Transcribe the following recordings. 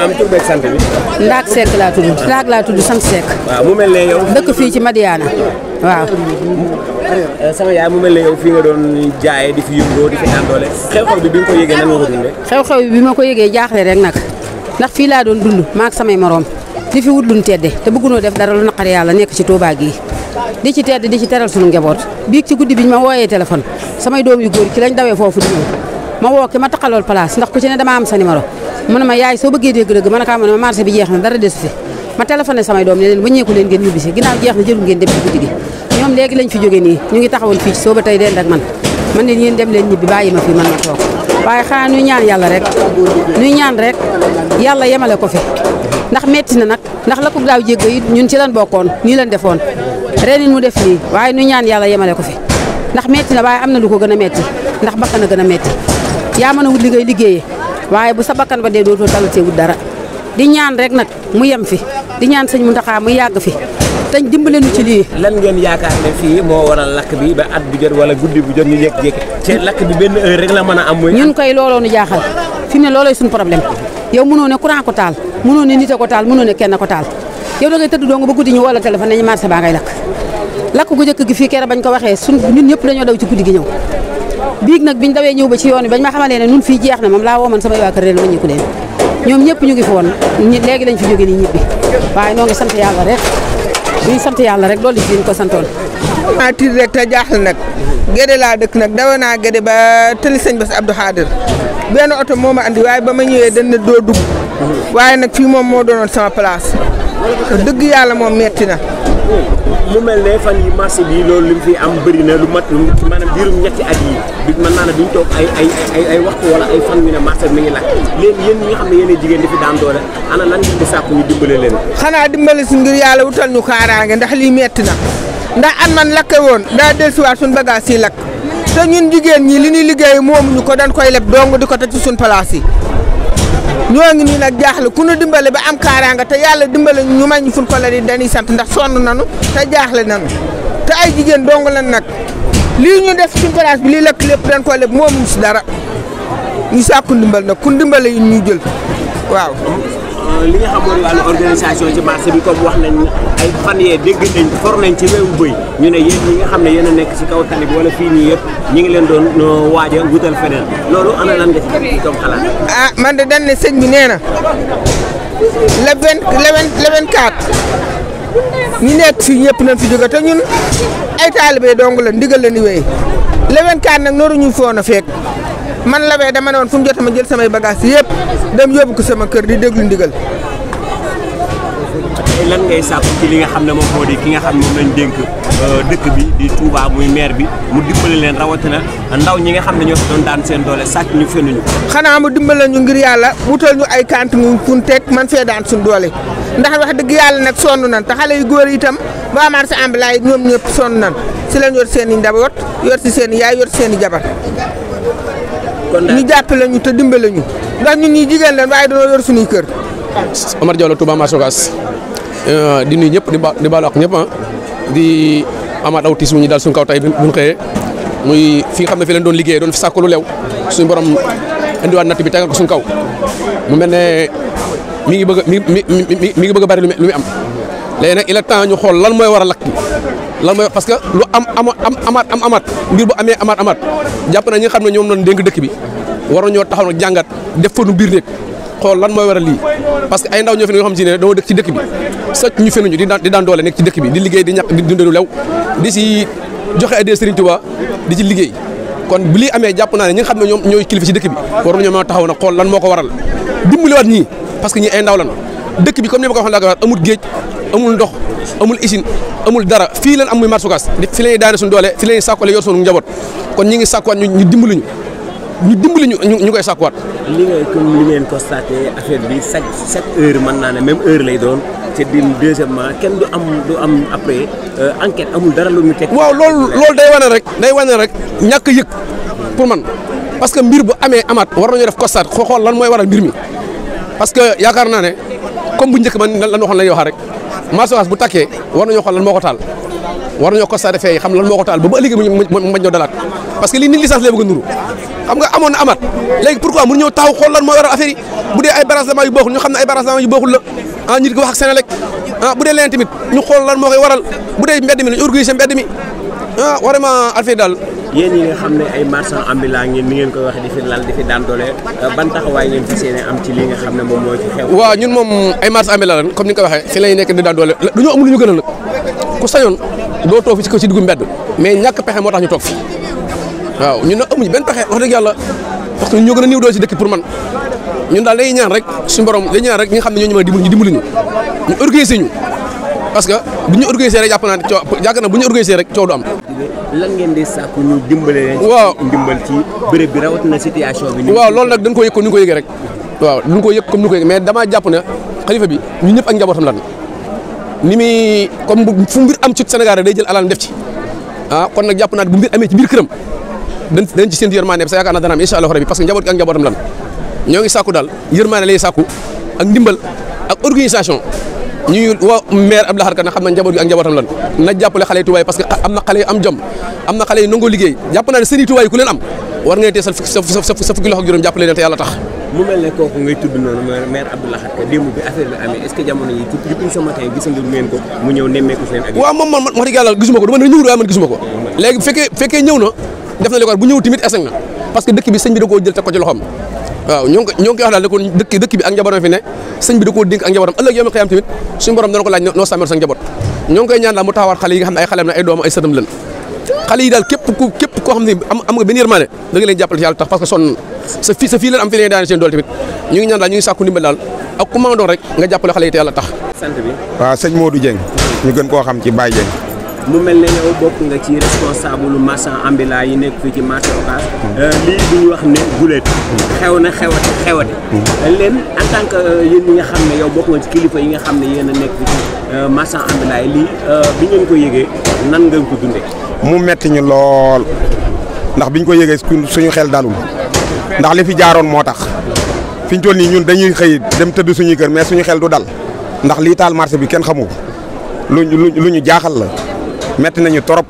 maam tur beeg sant laa tudd Ndaak laa tudd sant mu mel ne yow. dëkk fii ci Madiana waaw. Eh, sama mu mel ne yow fii nga doon jaayee di fi di fi naan doole xew-xew bi bi nga ko nan nga ko xew-xew bi bi ma ko yëgee jaaxle rek nag ndax fii laa doon dund maak samay moroom di fi wut luñ tedde te bëggunoo def dara lu naqari yàlla nekk ci Touba gii di ci tedd di ci teral suñu ngeboot biig ci guddi bi ñu ma wooyee téléphone samay doom yu góor ci lañ dawee foofu di ma woo ki ma taxalool place ndax ku ci dama am sa numéro mu ne ma yaay soo bëggee dégg-dëgg mën a ah, kaa mu ne ma marché bi jeex na dara desu fi ma téléphoné samay doom ne leen waññeeku leen ngeen ñibbisi ginnaaw jeex na jëlu ngeen dem ci guddi gi ñoom léegi lañ fi jógee nii ñu ngi taxawoon fii ci sooba tey dend ak man man ne yéen dem leen ñibbi bàyyi ma fi man ma toog waaye xanaa ñuy ñaan yàlla rek ñuy ñaan rek yàlla yemale ko fi ndax metti na nag ndax la ko daaw jégg yi ñun ci lan bokkoon nii lan defoon ren mu def nii waaye ñuy ñaan yàlla yemale ko fi ndax metti na waaye am na lu ko gën a metti ndax bakkan a gën a metti yaa mën a wut liggéey waaye bu sa bakkan ba dee dootoo talatee wut dara di ñaan rek nag mu yem fi di ñaan sëñ Muntaxa mu yàgg fi te dimbale nu ci lii. lan ngeen yaakaar ne fii moo waral lakk bi ba at bu jot wala guddi bu jot ñu jékki-jékki. te lakk bi benn heure rek la mën a am. mooy ñun koy looloo nu jaaxal fi mu ne loolooy suñu problème yow mënoo ne courant ko taal mënoo ne nite ko taal mënoo ne kenn ko taal yow dangay tëdd dong ba guddi ñu wala téléphone ne ñu marché baa ngay lakk lakk gu gi fii keroog bañ ko waxee suñ ñëpp dañoo daw ci guddi gi ñëw biig nag biñ dawee ñëw ba ci yoon bi bañ ma xamalee ne nun fii jeex na moom laa woo man samay waa kër ma ñëkku leen ñoom ñëpp ñu ngi fi woon léegi lañ fi jóge nii ñibbi waaye noo ngi sant yàlla rek ñuy sant yàlla rek loolu liñ ko santoon maa tiit rek te jaaxle nag géde laa dëkk nag dawa naa géde ba tëli sëñ Bass Abdou Khadir benn oto moom a andi waaye ba ma ñëwee dañ doo dugg waaye nag fii moom moo doonoon sama place dëgg yàlla moom metti na mu mel ne fan yi marché bi loolu lim fi am bëri na lu mat maanaam diirum ñetti at yi bi mën naa ne duñ toog ay ay ay ay waxtu wala ay fan yu ne marché bi mi ngi lakk léen yéen ñi xam ne jigéen di fi daan doole ana lan ngeen di sàpp ñu dimbale leen xanaa dimbale si ngir yàlla wutal ñu kaaraange ndax lii metti na ndax an man lakke woon daa dellusiwaat suñu bagage si lakk te ñun jigéen ñi li ñuy liggéey ñu ko dañ koy leb dong di ko teg ci suñ place yi ñoo ngi nii nag jaaxle ku ñu dimbale bi am kaaraanga te yàlla dimbale ñu may ñu fun ko la di dañuy sant ndax sonn nanu te jaaxle nanu te ay jigéen dong lan nag lii ñu def suñ place bi lii lekk lépp dañ koy leb moomuñu si dara ñu sàkku ndimbal nag ku dimbale yi ñu jël waaw li nga xamoon wàllu organisation ci marché bi comme wax nañ ay fan yee dégg nañ for nañ ci wewu bëy ñu ne yéen xam ne yéen a nekk ci kaw tali bi wala fii nii yëpp ñi ngi leen doon waaj a wutal feneen loolu ana lan nga ci def comme xalaat. ah man de dañ ne sëñ bi nee na le vingt le vingt le vingt ñu nekk fii ñëpp nañ fi jóge te ñun ay taalibe dong la ndigal la ni wéy le vingt quatre nag nooruñu foon a fekk. man la wee dama ne woon fu mu jot ma jël samay bagages yëpp dem yóbbu ko sama kër di déglu ndigal. lan ngay sàkk ci li nga xam ne moom moo di ki nga xam ne moom lañ dénk euh, dëkk bi di Touba muy maire bi mu dimbale leen rawatina ndaw ñi nga xam ne ñoo si doon daan seen doole sàcc ñu fenuñu xanaa mu dimbale ñu ngir yàlla wutal ñu ay kant ñu teg man fee daan suñ doole ndax wax dëgg yàlla nag sonn nan te xale yu góor itam waa marché ambulant yi ñoom ñëpp sonn si lañ yor seen i njaboot yor si seen yaay yor seen jabar ñu jàppale ñu te dimbale ñu ndax ñun ñi jigéen leen waaye dañoo yor suñuy kër. Omar Diallo Touba Massogas euh, di nuyu ñëpp di ba di baalu ak ñëpp ah di amaat aw tiis ñu daal suñu kaw tay bi ñu xëyee muy fi xam ne fi leen doon liggéeyee doon fi sàkku lu lew suñu borom indiwaat natt bi tegal ko suñu kaw mu mel ne mi ngi bëgg mi mi mi ngi bëgg bari lu muy am léegi nag il est temps ñu xool lan mooy war a lakk lan mooy parce que lu am am amaat am amaat ngir bu amee amaat amaat jàpp na ñi nga xam ne ñoom noonu dénk dëkk bi war na ñoo taxaw jàngat def fa biir nekk xool lan mooy waral lii parce que ay ndaw ñoo fi ne yoo xam si ne dama ci dëkk bi socc ñu di daan di daan doole nekk ci dëkk bi di liggéey di ñàkk di dundalu di si joxe ay Serigne Touba di ci liggéey kon bu lii amee jàpp naa ne ñi xam ne ñoom ñooy kilifa ci war na taxaw nag xool lan moo ko waral dimbaliwaat ñii parce que ñi ay ndaw lan dëkk bi comme ni ma ko waxee laa ko amut géej amul ndox amul usine amul dara fii lan am muy marché Ocass fi la ñuy daane suñu doole fi la ñuy sàkkale yor suñu njaboot kon ñi ngi sàkkuwaat ñu ñu dimbali ñu ñu dimbali ñu ñu koy sàkkuwaat. li ngay comme bi chaque mën naa ne même heure lay doon te di deuxièmement kenn du am du am après euh, enquête amul dara lu mu teg. waaw lool loolu day wane rek. day wane rek ñàkk yëg pour man parce que mbir bu amee amaat war nañoo def constat xool lan mooy war a mbir mi parce que yaakaar naa ne comme bu njëkk man lan waxoon la ñuy wax rek. maasalaas bu takkee war nañoo xool lan moo ko taal war nañoo constaté fee yi xam lan moo ko taal ba ba ëllëgee mu bañ ñoo dalaat parce que lii nit licence lay bëgg a nuru xam nga amoon na amat léegi pourquoi mënu ñëw taxaw xool lan moo waral affaire yi bu dee ay branchement yu bokkul ñu xam ne ay branchement yu bokkul la ah nit ko wax ak ah bu dee leneen tamit ñu xool lan moo koy waral bu dee mbedd mi lañu organiser mbedd mi ah vraiment affaire daal yéen ñi nga xam ne ay marchand ambulant ngeen ni ngeen koy waxee di fi lal di fi daan doole ban taxawaay ngeen fas yéene am ci li nga xam ne moom moo ci xew. waaw ñun moom ay marchand ambulant lan comme ni nga ko waxee si lañu nekk di daan doole du ñu amul lu ñu gënal nag ku sañoon doo toog fi si kaw si diggu mbedd mais ñàkk pexe moo tax ñu toog fi waaw ñun nag amuñu benn pexe wax dëgg yàlla parce que ñoo gën a néew doole si dëkk pour man ñun daal dañuy ñaan rek suñu borom dañuy ñaan rek ñi nga xam ne ñoo ñu mën a dimbali ñu dimbali ñu ñu organiser ñu parce que bu ñu organiser rek jàpp naa ne coow yàgg na bu ñu organiser rek coow du am lan ngeen di sàkku ñu dimbale leen. waaw dimbal ci béréb bi rawatina situation bi. waaw loolu nag dañ ko yëg comme ni ñu ko yëgee rek. waaw duñ ko yëg comme ni ko yëgee mais damaa jàpp ne xalifa bi ñu ñëpp ak njabootam lan ni muy comme fu mbir am ci Sénégal rek day jël alalam ndef ci ah kon nag jàpp naa bu mbir amee ci biir këram dañ dañ ci seen yërmande sa yaakaar naa dana am incha allahu rabbi parce que njaboot gi ak njabootam lan ñoo ngi sàkku daal yërmande lay sàkku ak ndimbal ak organisation ñuy woo maire Abdou Lahad Ka na xam na njaboot gi ak njabootam lan na jàppale xale yi Touba yi parce que am na xale yu am jom am na xale yu nangoo liggéey jàpp naa ne sëriñ Touba ku leen am war ngay tee sa sa sa juróom waaw moom man wax yàlla gisuma ko du ne ñëwul waaye man gisuma ko léegi bu fekkee fekkee def na li bu ñëw timit eseng na parce que dëkk bi sëñ bi da jël teg ko ci loxoom waaw ñoo ngi ñoo ngi koy wax daal ne kon dëkk dëkk bi ak njabootam fi ne sëñ bi da koo dénk ak njabootam ëllëg yoom xëyam tamit suñu borom dana ko laaj koy koo xam ne am am nga benn yërmande da nga leen sa fii sa am fi leen daane seen doole tamit ñu ñaan daal ñu ngi sàkku ndimbal daal ak ku ma doon rek nga jàppale xale yi te yàlla tax sant bi waaw sëñ ñu gën koo xam ci Baye Dieng mu mel na yow bokk nga ci responsable marchand ambulant yi nekk fii ci marché Ocass euh, lii duñu wax ne guléet xew na xewate xewate leen en tant que euh, yéen nga xam ne yow bokk nga ci kilifa yi nga xam ne yéen a nekk fii ci euh, marchand ambulant lii bi ngeen ko yëgee nan ngeen ko dundee mu metti ñu lool ndax biñ ko yëgee suñu xel dalul ndax li fi jaaroon moo tax fi ñu toll ñun dañuy xëy dem tëdd suñuy kër mais suñu xel du dal ndax lii taal marché bi kenn xamu lu ñu jaaxal la metti nañu trop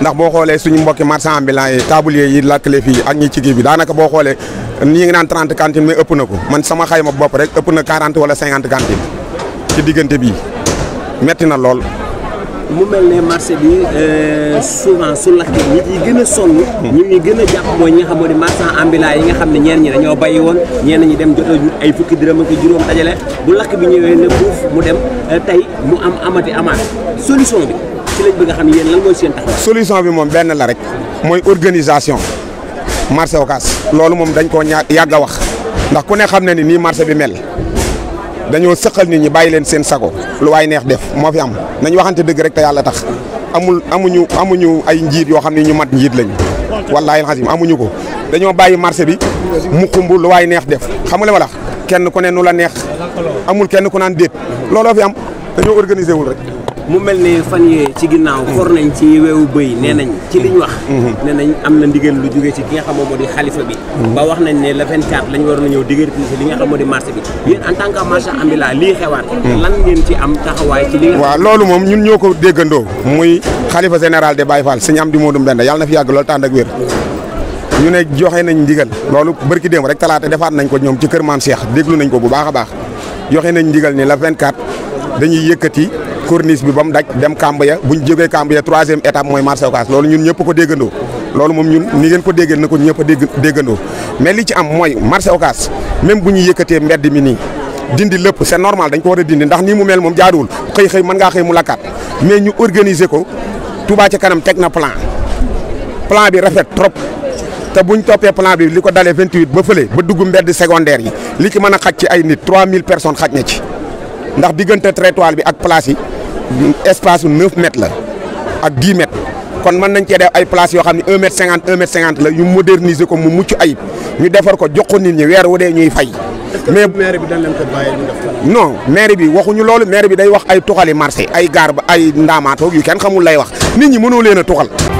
ndax boo xoolee suñu mbokki marchand ambulant yi tablier yi lakkale fii ak ñi ci kii bi daanaka boo xoolee ñi ngi naan 30 cantines mais ëpp na ko man sama xayma bopp rek ëpp na 40 wala 50 cantines ci diggante bii metti na lool. mu mel ne marché bi euh, souvent su lakkee nit yi gën a sonn. Hmm. ñu ngi gën a jàpp mooy ñi nga xam ne marchand ambulant ne ñeen ñi dañoo woon ñeen ñi dem jot a ay fukki dërëm ak juróom dajale bu lakk bi ñëwee ne buuf mu dem euh, tey mu am amati amaat solution bi. ci lañ bëgg a solution bi moom benn la rek mooy organisation marché Ocass loolu moom dañ koo ña yàgg a wax ndax ku ne xam na ni nii marché bi mel dañoo sëqal ni ñi bàyyi leen seen sago lu waay neex def moo fi am nañ waxante dëgg rek te yàlla tax amul amuñu amuñu ay njiit yoo xam ne ñu mat njiit lañ wallaahi alazim amuñu ko dañoo bàyyi marché bi mu xumb lu waay neex def xam nga li ma la kenn ku ne nu la neex amul kenn ku naan déet looloo fi dañoo organisé wul rek. mu mel ni fan yee ci ginnaaw. for nañ ci weewu bëy nee nañ ci liñ wax. Mhm. nee nañ am na ndigal lu jógee ci ki nga xam moom moo di xalifa bi. Mhm. ba wax nañ ne le 24 lañ waroon a ñëw diggante li nga xam moo di marché bi. yéen lii xewaat. Mhm. lan ngeen am taxawaay waaw loolu moom ñun ñoo ko déggandoo. muy xalifa général de Baye Fall sëñ Amdi Modou Mbenda yàlla na yàgg lool tànd ak ñu ne joxe nañ ndigal. loolu bërki démb rek talaata defaat nañ ko ñoom ci kër Maam Cheikh déglu nañ bu baax a baax joxe nañ ndigal ni la 24 dañuy yëkkati corniche bi ba mu daj dem kamba ya bu ñu jógee kàmb ya troisième étape mooy marché Ocass loolu ñun ñëpp ko déggandoo loolu moom ñun ni ngeen ko déggee na ko ñëpp a dégg déggandoo mais li ci am mooy marché Ocass même bu ñuy yëkkatee mbedd mi nii dindi lépp c'est normal dañ ko war a dindi ndax nii mu mel moom jaaduwul xëy xëy man ngaa xëy mu lakkaat mais ñu organiser ko Touba ca kanam teg na plan plan bi rafet trop te buñ toppee plan bi li ko dalee 28 ba fële ba dugg mbedd secondaire li ci mën a xaj ci ay nit 3000 personnes xaj na ci. ndax diggante trottoir bi ak place yi espace su 9 la ak 10 mètres kon mën nañ cee def ay places yoo xam ne 1 mètre 50 1 mètre 50 la yu moderniser ko mu mucc ayib ñu defar ko jox ko nit ñi weer wu dee ñuy fay. mais maire bi dañ leen ko bàyyi non maire bi waxuñu loolu maire bi day wax ay tuxali marché ay gaar ay ndaamaatoog yu kenn xamul lay wax nit ñi mënoo leen a tuxal.